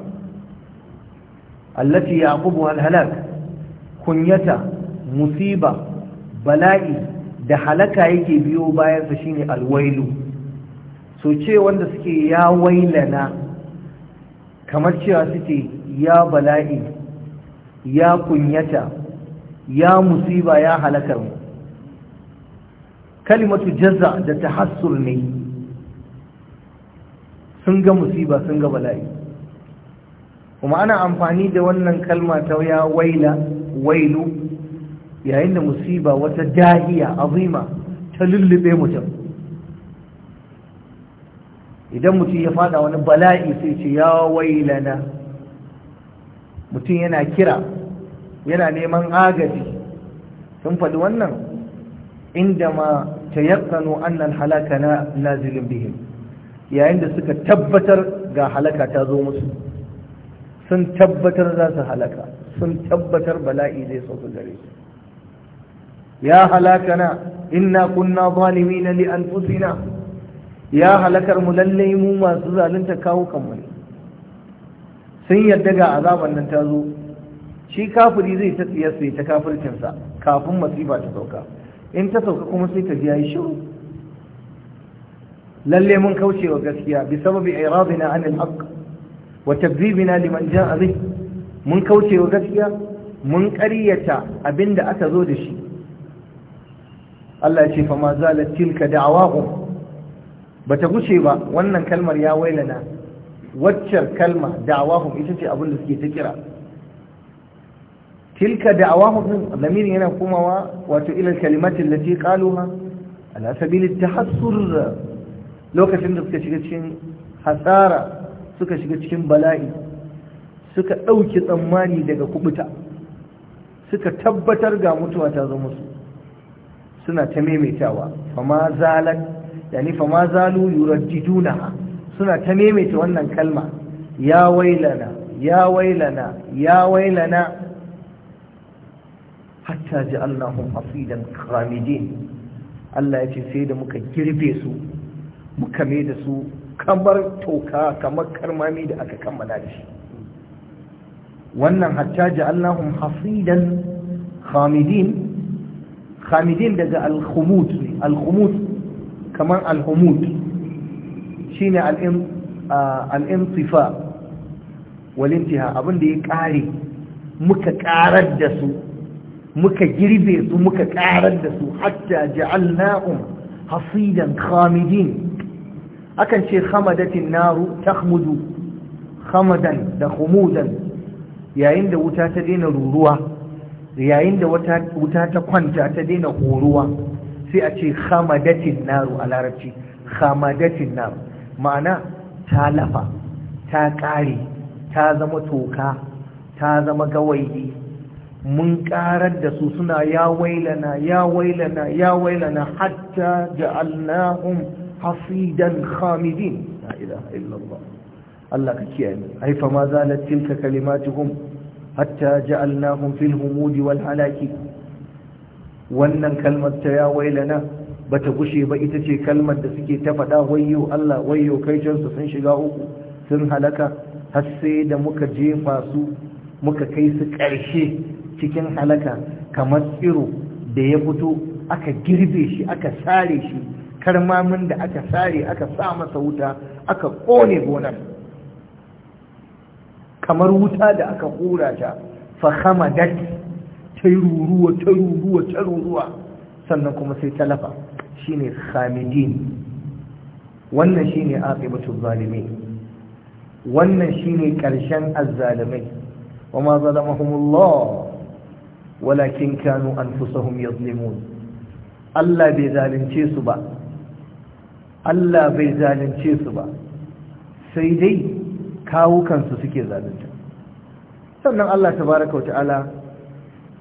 allati yaqubu alhalak kunyata musiba bala'i da halaka yake biyo bayansa shine alwailu so ce wanda suke ya wailana kamar cewa suke ya bala'i ya kunyata ya musiba ya halakar mu kalimatu jazza da tahassur ne sun ga musiba sun ga bala'i kuma ana amfani da wannan kalma ta ya waila wailu yayin da musiba wata dahiya azima ta lullube mutum idan mutum ya fada wani bala'i sai ce ya wailana mutum yana kira yana neman agaji sun faɗi wannan inda ma ta yakkanu annan halaka na nazilin bihim yayin da suka tabbatar ga halaka ta zo musu sun tabbatar za su halaka sun tabbatar bala'i zai sauka gare su ya halakana inna kunna zalimina na anfusina ya halakar mu lallai mu masu zalunta kawo kanmu ne sun yarda ga azaban nan ta zo shi kafiri zai ta tsiyarsa ta kafircinsa kafin masifa ta sauka in ta sauka kuma sai ta biya shiru lalle mun kauce wa gaskiya bi sababi iradina an al-haq wa na liman ja'a bih mun kauce wa gaskiya mun ƙaryata abinda aka zo da shi Allah ya ce fa ma zalat tilka da'awahum ba ta guce ba wannan kalmar ya na. waccar kalma da'awahu ita ce abin da suke ta kira tilka da'awahu din yana komawa wato ila kalimatin lati qaluha ala sabili tahassur lokacin da suka shiga cikin hasara suka shiga cikin bala'i suka dauki tsammani daga kubuta suka tabbatar ga mutuwa ta zo musu suna ta maimaitawa fa ma zalat yani fa ma zalu yurajjiduna suna ta maimaita wannan kalma ya wailana ya wailana ya wailana hatta ja'alnahum hasidan khamidin Allah ya ce sai da muka girbe su muka mai da su kamar toka kamar karmami da aka kammala shi wannan hatta ja'alnahum hasidan khamidin khamidin daga al-khumut al-khumut kamar alhumud shine al'insifa walintiha abinda ya ƙare muka ƙarar da su muka girbe su muka ƙarar da su hatta ja'alnahum hasidan khamidin akan ce khamadatin naru Takhmudu, khamadan da khumudan yayin da wuta ta daina ruruwa yayin da wuta ta kwanta ta daina horuwa sai a ce khamadatin naru a larabci khamadatin naru ma'ana ta lafa ta ƙare ta zama toka ta zama gawayi mun ƙarar da su suna ya wailana ya wailana ya wailana hatta ja'alnahum hasidan khamidin la ilaha illallah Allah ka kiyaye mu haifa ma zalat tilka kalimatuhum hatta ja'alnahum fil humudi wal halaki wannan kalmar ta ya wailana ta gushe ba ita ce kalmar da suke ta faɗa wayyo Allah wayyo kai su sun shiga uku sun halaka har sai da muka jefa su muka kai su ƙarshe cikin halaka kamar tsiro da ya fito aka girbe shi aka sare shi karmamin da aka sare aka sa masa wuta aka ƙone gonar kamar wuta da aka ƙura ta dat. ta ruruwa ta ruruwa ta ruruwa sannan kuma sai talafa shine khamidin wannan shine aqibatu Zalimi. wannan shine karshen azzalimai wama zalamahumullah walakin kanu anfusahum yadhlimun Allah bai zalunce su ba Allah bai zalunce su ba sai dai kawukansu suke zalunta sannan Allah tabaraka wa ta'ala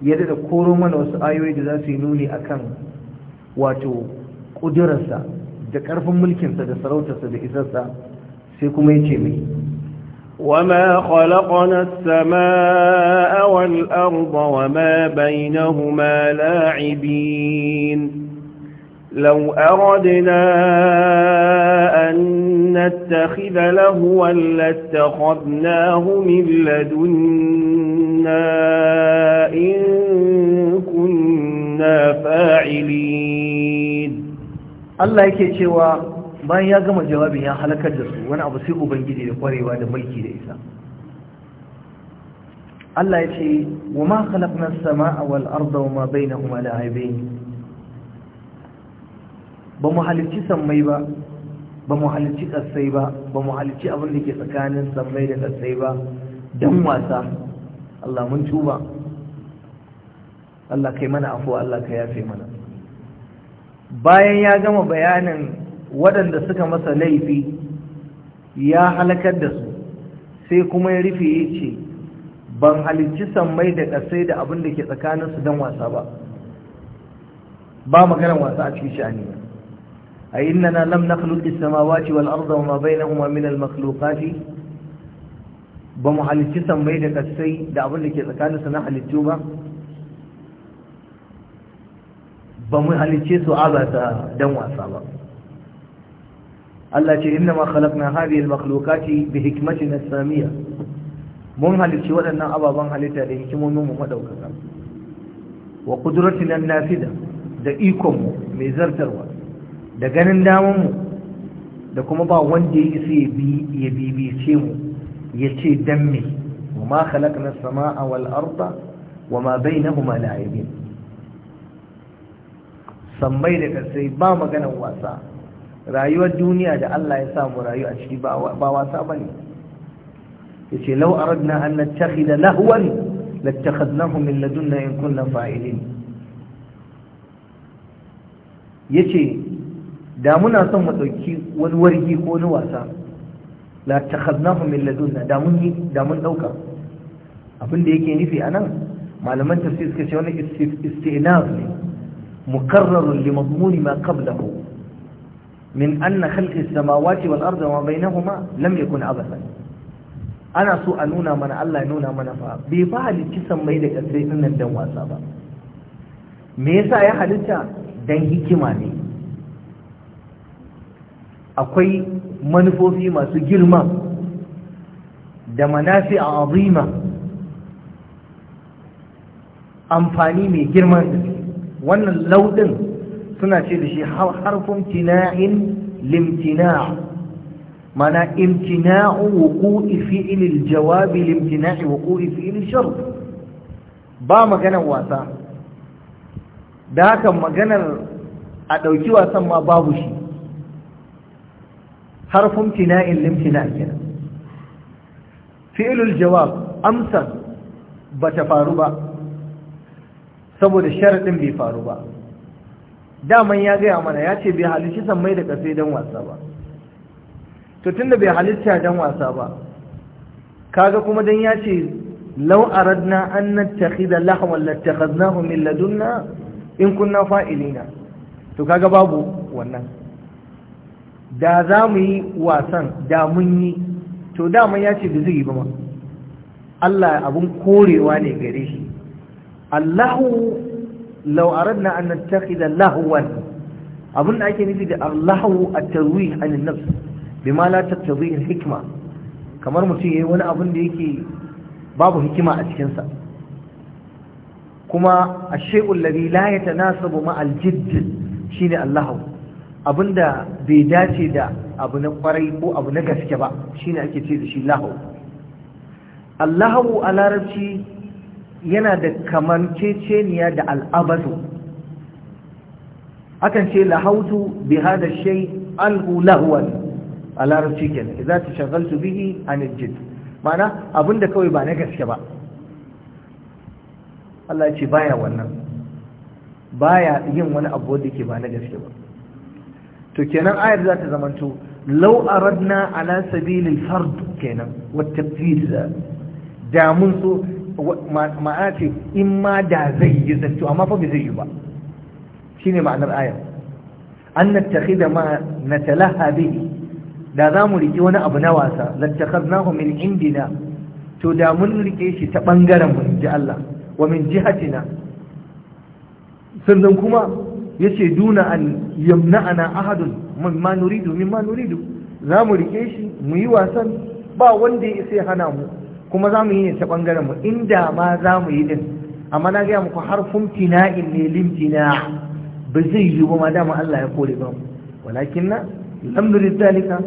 ya dada koro mana wasu ayoyi da za su yi nuni akan wato ƙudurarsa da ƙarfin mulkinsa da sarautarsa da isarsa sai kuma ya ce mai وما خلقنا السماء wama وما بينهما لاعبين لو أردنا أن نتخذ لهوا لاتخذناه من لدنا إن كنا فاعلين الله يكي شوى ما يقام الجواب يا حلق الجرس وانا أبسيق بنجدي لقوري وانا ملكي ليسا الله يكي وما خلقنا السماء والأرض وما بينهما لاعبين ba mu halicci sammai ba ba mu halicci ƙasai ba ba mu halicci abin da ke tsakanin sammai da ƙasai ba don wasa Allah mun tuba Allah kai mana afuwa Allah ka yafe mana bayan ya gama bayanin waɗanda suka masa laifi ya halakar da su sai kuma ya rufe ya ce ban halicci sammai da ƙasai da abin da ke tsakaninsu don wasa ba ba maganar wasa a cikin shani. ba أي إننا لم نخلق السماوات والأرض وما بينهما من المخلوقات بمحل بمحلتي سميدك السي إذا كان سنحل التوبة بمحلتي سعبة دموع صعبة التي إنما خلقنا هذه المخلوقات بحكمتنا السامية mun halicci waɗannan أبا halitta da hikimominmu maɗaukaka wa ƙuduratin nan nafida da ikonmu ميزر zartarwa da ganin mu da kuma ba wanda ya isa ya bibice mu ya ce dan me wa ma khalaqna na samaa wal arda wa ma bainahuma la'ibin sammai da sai ba maganan wasa rayuwar duniya da Allah ya sa mu rayu a ciki ba wasa bane yace law aradna an nattakhidha lahwan na min ladunna in kunna fa'ilin yace da muna son mu ɗauki wani wargi ko wani wasa la takhadnahu min ladunna da mun yi da mun dauka abin da yake nufi anan malaman tafsir suka ce wannan istinaf ne mukarrar li madmun ma qablahu min anna khalqi as-samawati wal ardi wa bainahuma lam yakun abathan ana so a nuna mana Allah ya nuna mana fa bai fa halicci mai da kasai din nan dan wasa ba me yasa ya halitta dan hikima ne akwai manufofi masu girma da manafi a azima amfani mai girman wannan laudin suna ce da shi harfin tina'in limtina' mana imtina'u wuqu'i fi'il jawabi limtina'i wuqu'i fi'il shart ba maganar wasa da haka maganar a ɗauki wasan ma babu shi حرف امتناء لامتناء كده فعل الجواب امسى بتفاربا saboda sharadin bai faru ba daman ya gaya mana ya ce bai halicci sammai da kase don wasa ba to tunda bai halitta don wasa ba kaga kuma don ya ce lau aradna an nattakhidha lahwan na min ladunna in kunna fa'ilina to kaga babu wannan da za mu yi wasan da mun yi to daman ya ce da zai yi ba Allah abin korewa ne gare shi Allahu law aradna an nattakhidha lahwan Abin da ake nufi da Allahu a tarwih an nafs bima la tattadhi al kamar mutum yayi wani abun da yake babu hikima a cikin sa kuma a shayu alladhi la yatanasabu ma al shi shine Allahu da bai dace da abu na kwarai ko abu na gaske ba shine ake ce da shi lahu allahu a larabci yana da kamar kamanceceniya da al'abatu akan ce lahautu bi hada shai alhu lahwan a larabci kenan ta shagaltu bihi an jidd ma'ana abinda kawai ba na gaske ba Allah ce baya wannan baya yin wani abu da ke ba na gaske ba to kenan ayar za ta zamanto law aradna ala sabilil fard kenan wa tafsir da mun so ma'ana ce in ma da zai yi zato amma fa bai zai yi ba shine ma'anar ayar an nattakhidha ma natalaha bihi da za mu riƙe wani abu na wasa lattakharnahu min indina to da mun rike shi ta bangaren mu ji Allah wa min jihatina sannan kuma yace duna an ana ahadun ma nuridu ma nuridu za mu rike shi mu yi wasan ba wanda ya isa ya hana mu kuma za mu yi ne ta bangaren mu inda ma za mu yi din amma na gaya muku harfin tina'in ne limtina ba zai yi ba ma dama Allah ya kore ba walakin na lam dalika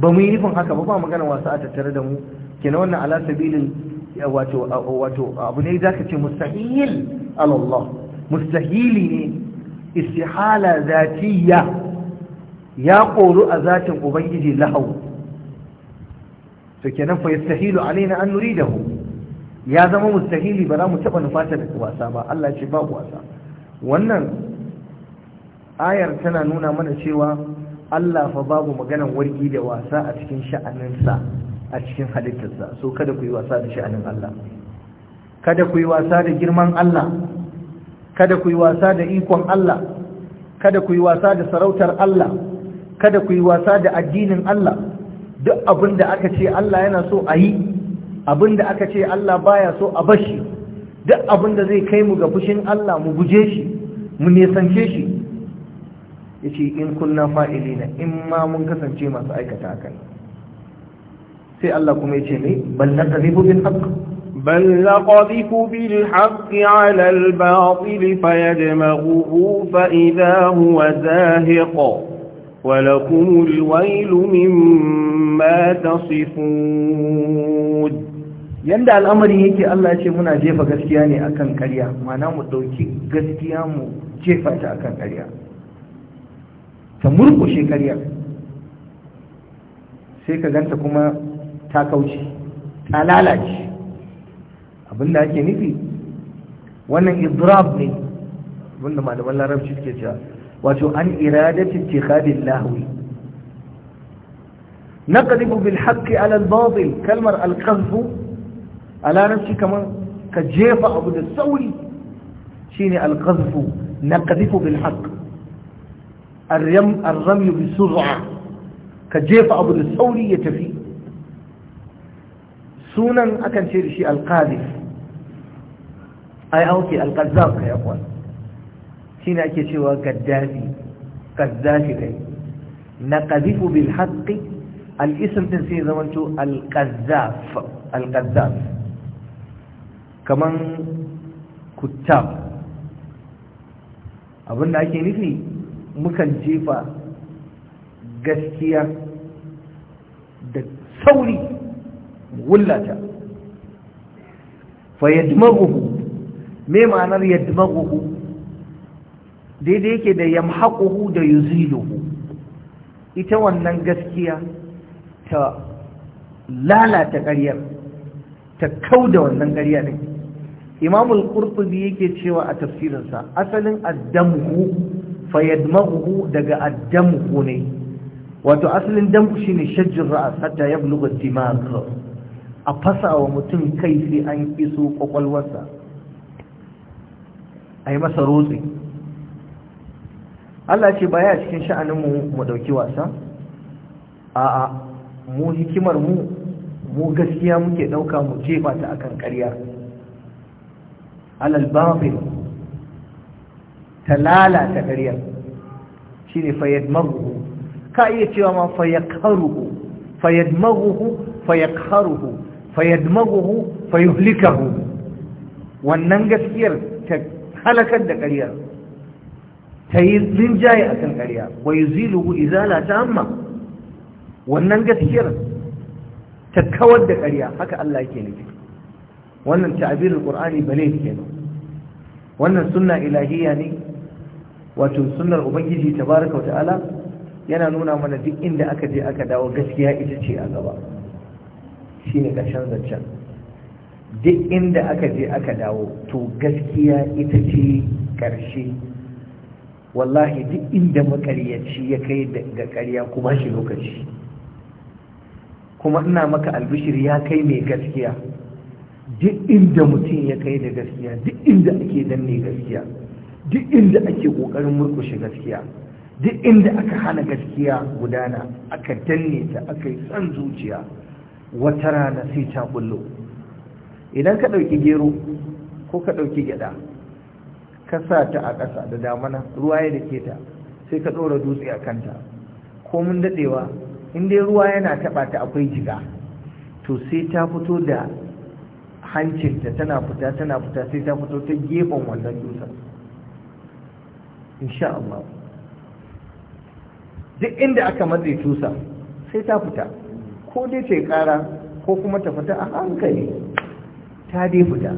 ba mu yi nufin haka ba ba magana wasa a tattare da mu kenan wannan ala sabilin wato wato abu ne zaka ce mustahil alallah mustahili ne istihala zatiyya ya koru a zatin ubangiji lahau to kenan fa yastahilu alaina an nuridahu ya zama mustahili ba za mu taba nufata da wasa ba Allah ce ba wasa wannan ayar tana nuna mana cewa Allah fa babu maganan wargi da wasa a cikin sha'aninsa a cikin halittarsa so kada ku yi wasa da sha'anin Allah kada ku yi wasa da girman Allah kada ku yi wasa da ikon Allah kada ku yi wasa da sarautar Allah kada ku yi wasa da addinin Allah duk abin da aka ce Allah yana so a yi abin da aka ce Allah baya so a bashi duk abin da zai kai mu ga fushin Allah mu guje shi mu nesance shi yace in kunna fa'ilina in ma mun kasance masu aikata hakan sai Allah kuma yace ne bal nadribu bil haqq بل نقذف بالحق على الباطل فيدمغه فإذا هو زاهق ولكم الويل مما تصفون يندى الأمر هيك الله يشي هنا قسكياني أكن كريا ما نامو دوكي قسكيامو جيفة أكن كريا تمرقو شي كريا سيكا غنطة تاكوشي تالالاشي abinda ake nufi wannan idrab ne wanda malaman larabci suke cewa wato an iradati ittikhadil lahwi naqdibu bil haqqi ala al batil kalmar al qazfu a larabci kamar ka jefa abu da sauri shine al qazfu naqdifu bil haqq ar ram ar ramy bi sur'a ka jefa abu da sauri ya tafi sunan akan ce da shi al qazif ai auki alkazzab kai akwai shine ake cewa gaddafi kazzafi kai naqdhifu bil haqqi al ism din sai zamanto al kazzaf al kaman kuttab abinda ake nufi mukan jefa gaskiya da sauri wullata fa yadmaghu me ma'anar yadmaghu daidai yake da yamhaquhu da yuziluhu ita wannan gaskiya ta lalata ƙaryar ta kauda wannan ƙarya ne imamul qurtubi yake cewa a tafsirinsa asalin addamhu fayadmaghu daga addamhu ne wato asalin damku shine shajjar ra'as hatta yablugha dimag a fasa wa mutum kai sai an iso kwakwalwarsa a yi masa rotsi Allah ce ba ya cikin sha'aninmu mu ɗauki wasa a'a mu hikimar mu mu gaskiya muke ɗauka mu jefa ta akan ƙarya alal bafin ta lalata ƙaryar shi ne fayyad maguhu ka iya cewa ma fayyakaruhu fayyad maguhu fayyakaruhu fayyad maguhu fayyuhlikahu wannan gaskiyar ta halakar da ƙaryar ta yi rinjaye a kan ƙarya wa yi izala ta amma wannan gaskiyar ta kawar da karya haka Allah ke nufi wannan ta'abirin ƙur'ani bale ne ke wannan sunna ilahiya ne wato sunnar ubangiji tabaraka wa ta'ala yana nuna mana duk inda aka je aka dawo gaskiya ita ce a gaba shine ƙarshen zancen duk inda aka je aka dawo to gaskiya ita ce ƙarshe wallahi duk inda makaryaci ya kai ga ƙarya kuma shi lokaci kuma ina maka albishir ya kai mai gaskiya duk inda mutum ya kai da gaskiya duk inda ake danne gaskiya duk inda ake ƙoƙarin murkushe gaskiya duk inda aka hana gaskiya gudana aka danne ta aka yi son zuciya wata rana sai ta bullo idan ka ɗauki gero ko ka ɗauki gyaɗa ka sa ta a ƙasa da damana ruwa ya dake ta sai ka ɗora dutse a kanta ko mun daɗewa in dai ruwa yana taɓa ta akwai jiga to sai ta fito da hancinta tana fita tana fita sai ta fito ta gefen wannan dutsen insha Allah duk inda aka matse tusa sai ta fita ko dai ta yi ƙara ko kuma ta fita a hankali ta dai fita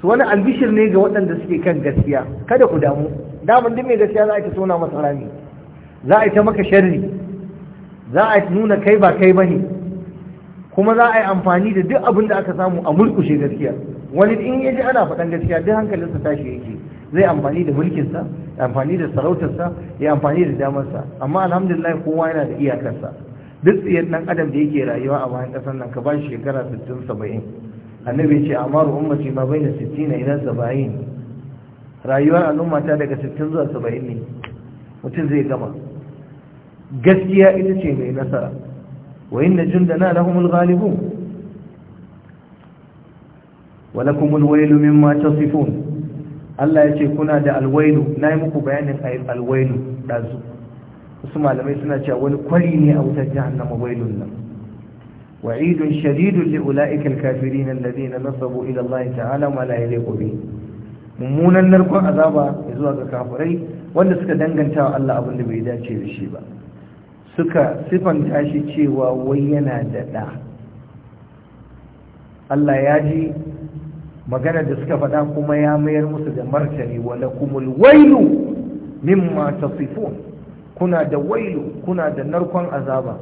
su wani albishir ne ga waɗanda suke kan gaskiya kada ku damu daman duk mai gaskiya za a yi ta sona masa rami za a yi ta maka sharri za a yi nuna kai ba kai ba ne kuma za a yi amfani da duk abin da aka samu a mulkushe gaskiya wani in ya ji ana faɗan gaskiya duk hankalinsa tashi yake zai amfani da mulkinsa amfani da sarautarsa ya amfani da damarsa amma alhamdulillah kowa yana da iyakarsa duk tsiyan dan adam da yake rayuwa a bayan ƙasar nan ka ba shi shekara 60 70 annabi ce amaru ummati ma baina 60 ila 70 rayuwar al'umma ta daga 60 zuwa 70 ne mutum zai gama gaskiya ita ce mai nasara wa inna jundana lahumul ghalibun wa lakumul wailu mimma tasifun Allah ya ce kuna da alwailu yi muku bayanin alwailu dazu wasu malamai suna cewa wani kwari ne a wutar jahannama wailun nan wa'idun shadidun li ula'ika alkafirin alladhina nasabu ila Allah ta'ala ma la yaliqu bi mummunan narkon azaba zuwa ga kafirai wanda suka danganta wa Allah abin da bai dace da shi ba suka sifanta shi cewa wai yana da Allah ya ji magana da suka faɗa kuma ya mayar musu da martani wa lakumul wailu mimma tasifun kuna da wailu kuna da narkon azaba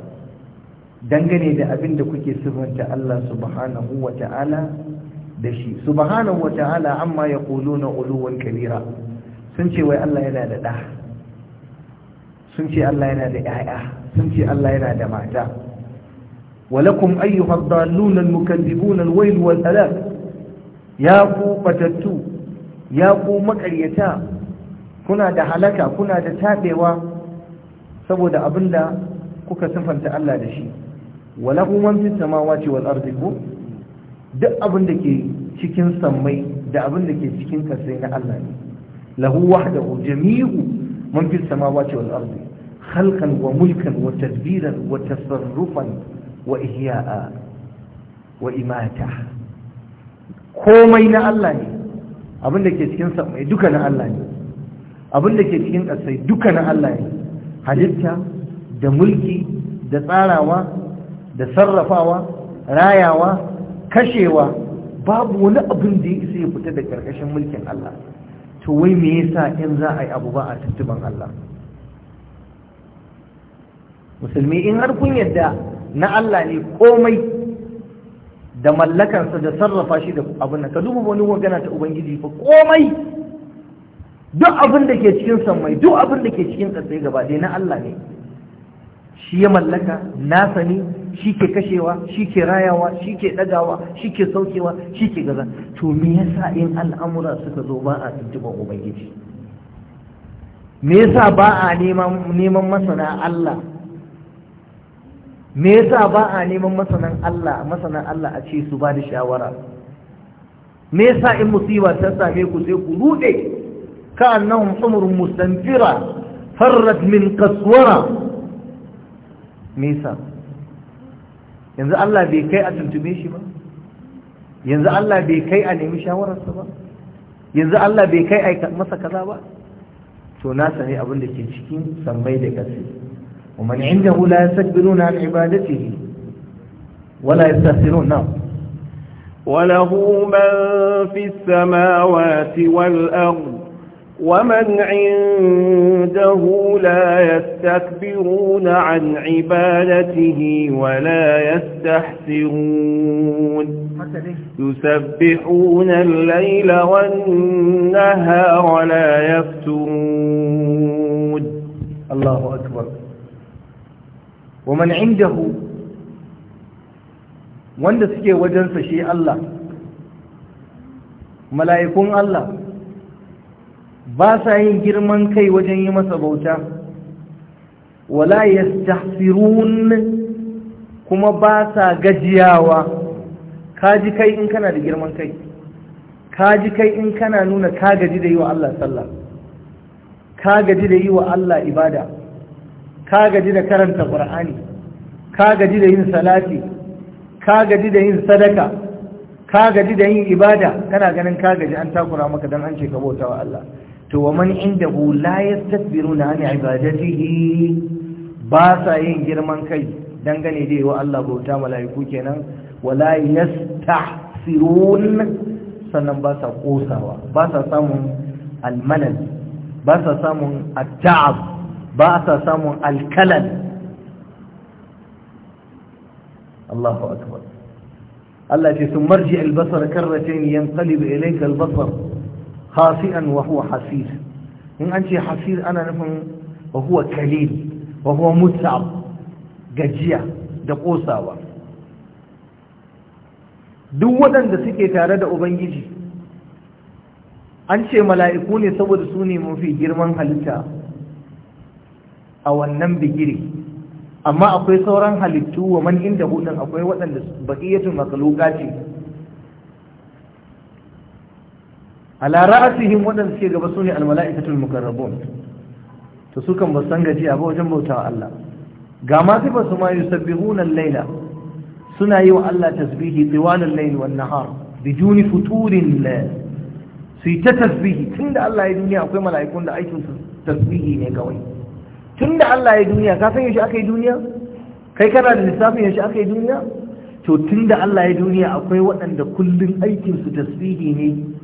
dangane da abin da kuke sifanta Allah subhanahu wa ta'ala da shi subhanahu wa ta'ala amma ya kulu na uluwan kabira sun ce wai Allah yana da ɗa sun ce Allah yana da ‘ya'ya sun ce Allah yana da mata walakum ayyuhar dalunan mukaddibun alwailu wal alaf ya ku batattu ya ku makaryata kuna da halaka kuna da tabewa saboda abinda kuka sifanta Allah da shi wala kuma fi samawati wal ardi ku duk abin da ke cikin sammai da abin da ke cikin kasai na Allah ne lahu wahdahu jami'u man fi samawati wal ardi khalqan wa mulkan wa tadbiran wa tasarrufan wa ihya'a wa imata komai na Allah ne abin da ke cikin sammai duka na Allah ne abin da ke cikin kasai duka na Allah ne halitta da mulki da tsarawa da sarrafawa rayawa kashewa babu wani abin da ya isa ya fita da ƙarƙashin mulkin Allah to wai me yasa in za a yi abu ba a tuntuban Allah musulmi in har kun yadda na Allah ne komai da mallakarsa da sarrafa shi da abin nan ka duba wani magana ta ubangiji fa komai duk abin da ke cikin sammai duk abin da ke cikin tsatsai gaba dai na Allah ne shi ya mallaka nasa ne shi ke kashewa shi ke rayawa shi ke ɗagawa shi ke saukewa shi ke gaza to me yasa in al'amura suka zo ba a tuntuɓar ubangiji me yasa ba a neman masana Allah me yasa ba a neman masanan Allah masanan Allah a ce su ba da shawara me yasa in musiba ta same ku sai ku rude كأنهم حمر مستنفرة فرت من قصورة ميسا ينزع الله بكي أن تميشي ما ينزع الله بكي أن يمشي ورسة ما ينزع الله بكي أي كأمسة كذا با تناسا هي أبن لك الشكين سمي لك ومن عنده لا يستكبرون عن عبادته ولا يستهسرون نعم وله من في السماوات والأرض ومن عنده لا يستكبرون عن عبادته ولا يستحسرون يسبحون الليل والنهار لا يفترون الله أكبر ومن عنده wanda suke wajensa shi Allah mala'ikun Allah ba sa yin girman kai wajen yi masa bauta wala yastahsirun kuma ba sa gajiyawa kaji kai in kana da girman kai kaji kai in kana nuna ka gaji da yi wa Allah sallah ka gaji da yi wa Allah ibada ka gaji da karanta qur'ani ka gaji da yin salati ka gaji da yin sadaka ka gaji da yin ibada kana ganin ka gaji an takura maka dan an ce ka wa Allah to wa man indahu la yastakbiruna an ibadatihi ba sa yin girman kai dangane da yawa Allah bauta mala'iku kenan wala yastahsirun sannan ba sa kosawa ba sa samun almanal ba sa samun at'ab ba sa samun alkalal Allahu akbar Allah ce sun marji albasar karratain yanqalib ilayka albasar khasi'an wa huwa hasir in an ce hasir ana nufin wa huwa kalil wa huwa mutab gajiya da kosawa duk waɗanda suke tare da ubangiji an ce mala'iku ne saboda su ne mafi girman halitta a wannan bigiri amma akwai sauran halittu wa man inda hudun akwai waɗanda baƙiyatun makaluka ce ala ra'asihim waɗanda suke gaba sune almala'ikatul mukarrabun to su kan basan gaji a wajen bautawa Allah ga ma sai ba su ma yusabbihuna al-laila suna yi wa Allah tasbihi tiwal al-layl wan nahar bijuni futurin su yi ta tasbihi tun da Allah ya duniya akwai mala'ikun da aikin su tasbihi ne kawai da Allah ya duniya ka san yaushe aka yi duniya kai kana da lissafin yaushe aka yi duniya to tun da Allah ya duniya akwai waɗanda kullum aikin su tasbihi ne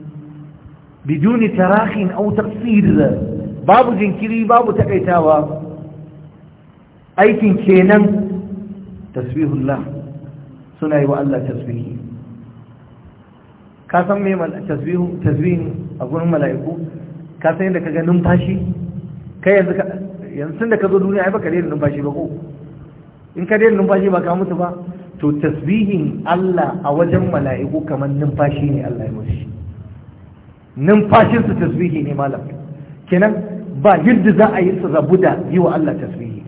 biduni tarahin au tafsir babu jinkiri babu takaitawa aikin kenan tasbihullah suna yi wa Allah tasbihi ka me tasbihu a gurin mala'iku ka yadda kaga numfashi kai da ka zo duniya ai baka daina numfashi ba ko in ka daina numfashi ba ka mutu ba to tasbihin Allah a wajen mala'iku kamar numfashi ne Allah ya mushi numfashinsu tasbihi ne malam kenan ba yadda za a yi su rabu da yi wa Allah tasbihi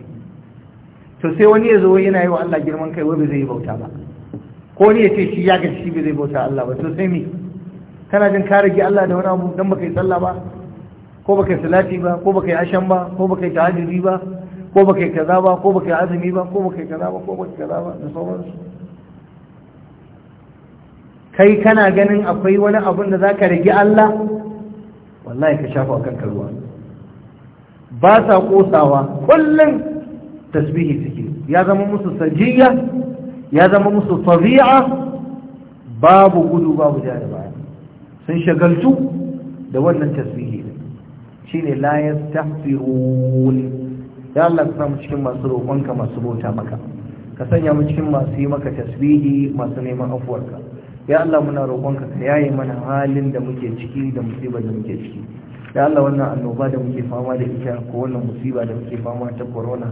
to sai wani ya zo yana yi wa Allah girman kai wani zai yi bauta ba ko wani ya ce shi ya gaci shi bai zai bauta Allah ba to sai me kana jin ka rage Allah da wani abu dan baka yi sallah ba ko baka yi salati ba ko baka yi ashan ba ko baka yi tahajjudi ba ko baka yi kaza ba ko baka yi azumi ba ko baka yi kaza ba ko baka yi kaza ba da sauransu kai kana ganin akwai wani abun da za ka rigi Allah wallahi ka shafa a kankarwa ba sa kosawa kullum tasbihi suke ya zama musu sajiya ya zama musu tabi'a babu gudu babu jari baya sun shagaltu da wannan tasbihi shine la yastahfirun ya Allah ka samu cikin masu roƙonka masu bauta maka ka sanya mu cikin masu yi maka tasbihi masu neman afuwarka ya Allah muna roƙonka ka yaye mana halin da muke ciki da musibar da muke ciki ya Allah wannan annoba da muke fama da ita ko wannan musiba da muke fama ta corona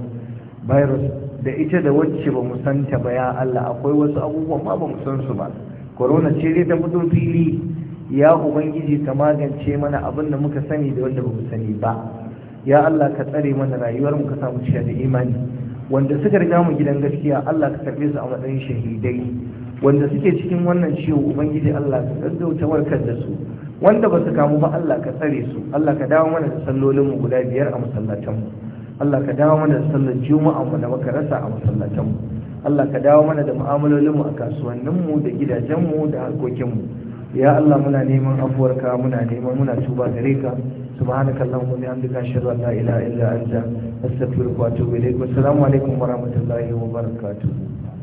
virus da ita da wacce ba mu san ta ba ya Allah akwai wasu abubuwan ma ba mu san su ba corona ce dai ta fito fili ya ubangiji ka magance mana abin da muka sani da wanda ba mu sani ba ya Allah ka tsare mana rayuwar mu ka samu cika da imani wanda suka riga mu gidan gaskiya Allah ka karbe su a matsayin shahidai wanda suke cikin wannan ciwo ubangiji Allah ka gaggauta warkar da su wanda ba su kamu ba Allah ka tsare su Allah ka dawo mana da sallolinmu guda biyar a masallatanmu Allah ka dawo mana da sallar mu da muka rasa a masallatanmu Allah ka dawo mana da mu'amalolinmu a kasuwanninmu da gidajenmu da harkokinmu ya Allah muna neman afuwarka muna neman muna tuba gare ka subhanaka allahumma wa bihamdika ashhadu an la ilaha illa anta astaghfiruka wa atubu ilaik wa assalamu alaikum wa rahmatullahi wa